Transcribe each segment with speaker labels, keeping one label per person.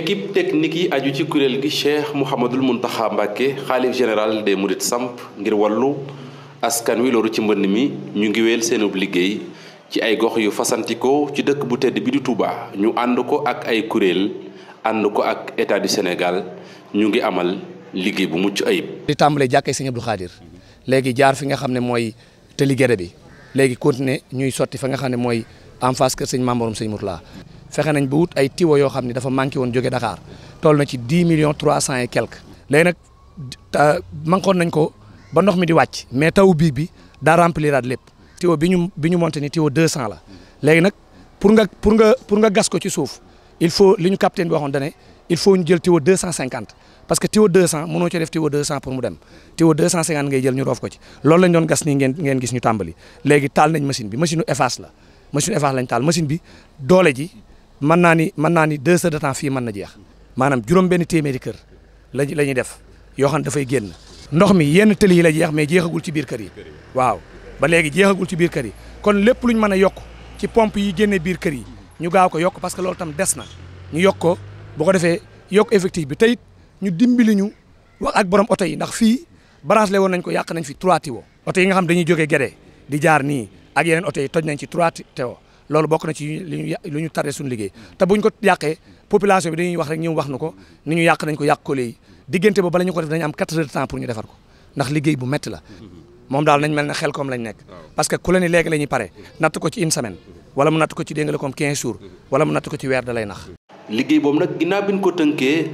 Speaker 1: équipe technique yi aju ci kuréel gi Cheikh Mouhamadul Mountakha Mbacké xaalif général de Mourides samp ngir wallu askan wi loolu ci mbënn mi ñu ngi wéel seenub liggéey ci ay gox yu fasantikoo ci dëkk bu tedd bi di Touba ñu ànd ko ak ay kuréel ànd ko ak état du Sénégal ñu ngi amal liggéey bu mucc ayib.
Speaker 2: di tàmbalee jàkkee sëñ Abdou Khadir léegi jaar fi nga xam ne mooy tëli gerte bi léegi continuer ñuy sotti fa nga xam ne mooy en face kër sëñ Mamborom sëñ Mourtala fexe nañ ba wut ay tiwo yoo xam ne dafa manqué woon joge Dakar toll na ci dix millions trois cent et quelque. léegi nag manquoon nañ ko ba ndox mi di wàcc mais taw bii bi daa rempliraat lépp tiwo bi ñu bi ñu monté ni tiwo deux cent la léegi nag pour nga pour nga pour nga gas ko ci suuf il faut li ñu capitaine bi waxoon dane il faut ñu jël tiwo deux cent cinquante parce que tiwo deux cent mënoo ci def tiwo deux pour mu dem tiwo deux cent cinquante ngay jël ñu roof ko ci loolu lañ doon gas nii ngeen ngeen gis ñu tàmbali léegi taal nañ machine bi machine u efface la machine efface taal machine bi doole ji mën naa ni mën naa ni deux heures de temps fii mën na jeex maanaam juróom-benn téeméeri kër lañ la ñuy def yoo xam ne dafay génn ndox mi yenn tëli yi la jeex mais jeexagul ci biir kër yi waaw ba léegi jeexagul ci biir kër yi kon lépp lu ñu mën a yokk ci pompe yi génnee biir kër yi ñu gaaw ko yokk parce que loolu tam des na ñu yokk ko bu ko defee yokk effectif bi teyit ñu dimbali ñu wax ak borom oto yi ndax fii branche la woon nañ ko yàq nañ fi trois tiwo oto yi nga xam dañuy jógee Guédé di jaar nii ak yeneen yi toj nañ ci trois tiwo loolu bokk na ci lu ñu taree suñu liggéey te buñ ko yàqee population bi dañuy wax rek ñoom wax na ko ni ñu yàq nañ ko yàq ko léegi diggante ba bala ñu ko def dañu am 4 heures de pour ñu defar ko ndax liggéey bu métti la moom daal nañ mel ne xel koom lañ nekk parce que ku la ni léegi la ñuy ko ci une semaine wala mu natt ko ci déngale comme 15 jours wala mu natt ko ci weer da lay nax
Speaker 1: liggéey boobu nag ginnaaw bi ñu ko tënkee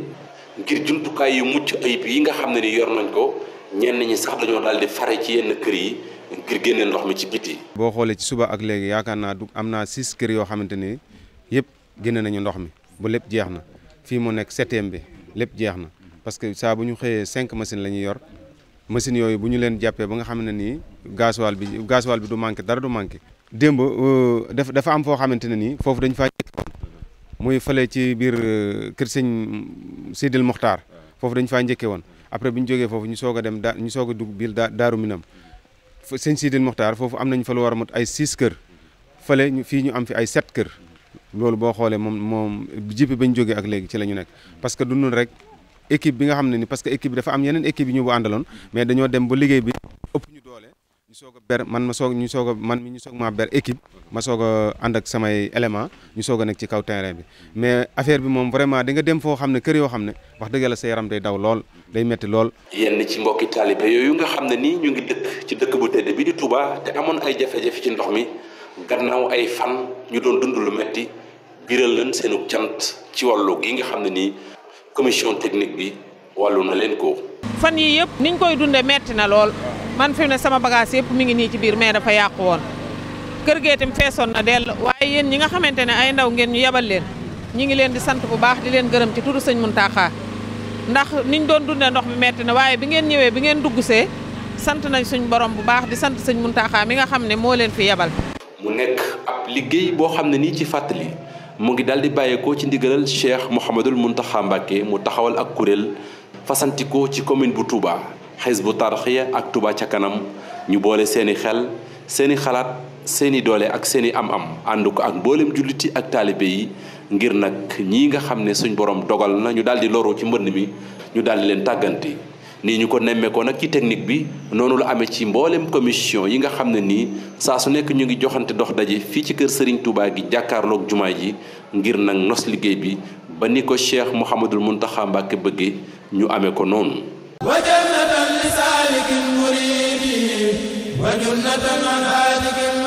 Speaker 1: ngir jumtukaay yu mucc ayib yi nga xam ne ni yor nañ ko ñenn ñi sax dañoo daal fare ci yenn kër yi ngir génne ndox mi ci biti.
Speaker 3: boo xoolee ci suba ak léegi yaakaar naa du am naa six kër yoo xamante ni yëpp génne nañu ndox mi ba lépp jeex na fii mu nekk septième bi lépp jeex na parce que saa bu ñu xëyee cinq machine la ñuy yor machine yooyu bu ñu leen jàppee ba nga xam ne nii gasoil bi gasoil bi du manqué dara du manqué. démb euh, dafa am foo xamante ne nii foofu dañ faa njëkkoon muy fële ci biir euh, kër sëñ Seydil Mokhtar foofu dañu faa njëkkee woon après bu ñu jóge foofu ñu soog a dem daa ñu soog a dugg biir daaru minam sëñ Sidil Mokhtar foofu am nañ fa lu war a mot ay six kër fële ñu fii ñu am fi ay set kër loolu boo xoolee moom moom jippi bañ jógee ak léegi ci la ñu nekk parce que du nun rek équipe bi nga xam ne ni parce que équipe bi dafa am yeneen équipe yi ñu bu àndaloon mais dañoo dem ba liggéey bi soog a man ma soog ñu soog man mi ñu soog maa ber équipe ma soog a ànd ak samay élément ñu soog a nekk ci kaw terrain bi mais affaire bi moom vraiment di nga dem foo xam ne kër yoo xam ne wax dëgg yàlla sa yaram day daw lool day metti lool yenn ci mbokki taalibe yooyu nga xam ne nii ñu ngi dëkk ci dëkk bu tedd bi di Touba te amoon ay jafe-jafe ci ndox mi gannaaw ay fan ñu doon dund lu metti biral
Speaker 1: leen seenu cant ci wàllu gi nga xam ne nii commission technique bi wàllu na leen ko man fi mu ne sama bagage yëpp mu ngi nii ci biir mais dafa yàqu woon kër gee itam feesoon na dell waaye yéen ñi nga xamante ne ay ndaw ngeen ñu yebal leen ñi ngi leen di sant bu baax di leen gërëm ci turu sëñ Muntaxa ndax niñ doon dundee ndox mi metti na waaye bi ngeen ñëwee bi ngeen duggsee sant nañ suñ borom bu baax di sant sëñ Muntaxa mi nga xam ne moo leen fi yebal mu nekk ab liggéey boo xam ne nii ci fàttali mu ngi daal di bàyyeekoo ci ndigalal Cheikh Mouhamadul Muntaxa Mbàkke mu taxawal ak kuréel fasantikoo ci commune bu Touba xisbu tarxiya ak Touba ca kanam ñu boole seeni xel seeni xalaat seeni doole ak seeni am-am ànd ko ak mboolem julliti ak taalibe yi ngir nag ñii nga xam ne suñ borom dogal na ñu daal di loru ci mbënn mi ñu daal di leen tàgganti ni ñu ko nemmeekoo nag ci technique bi noonu lu amee ci mboolem commission yi nga xam ne nii saa su nekk ñu ngi joxante dox daje fii ci kër Serigne Touba gi jàkkaarloog jumaa ji ngir nag nos liggéey bi ba ni ko Cheikh Mouhamadul Mountakha Mbacké bëggee ñu amee ko noonu.
Speaker 3: هادك المريد وجنة من هادك المريد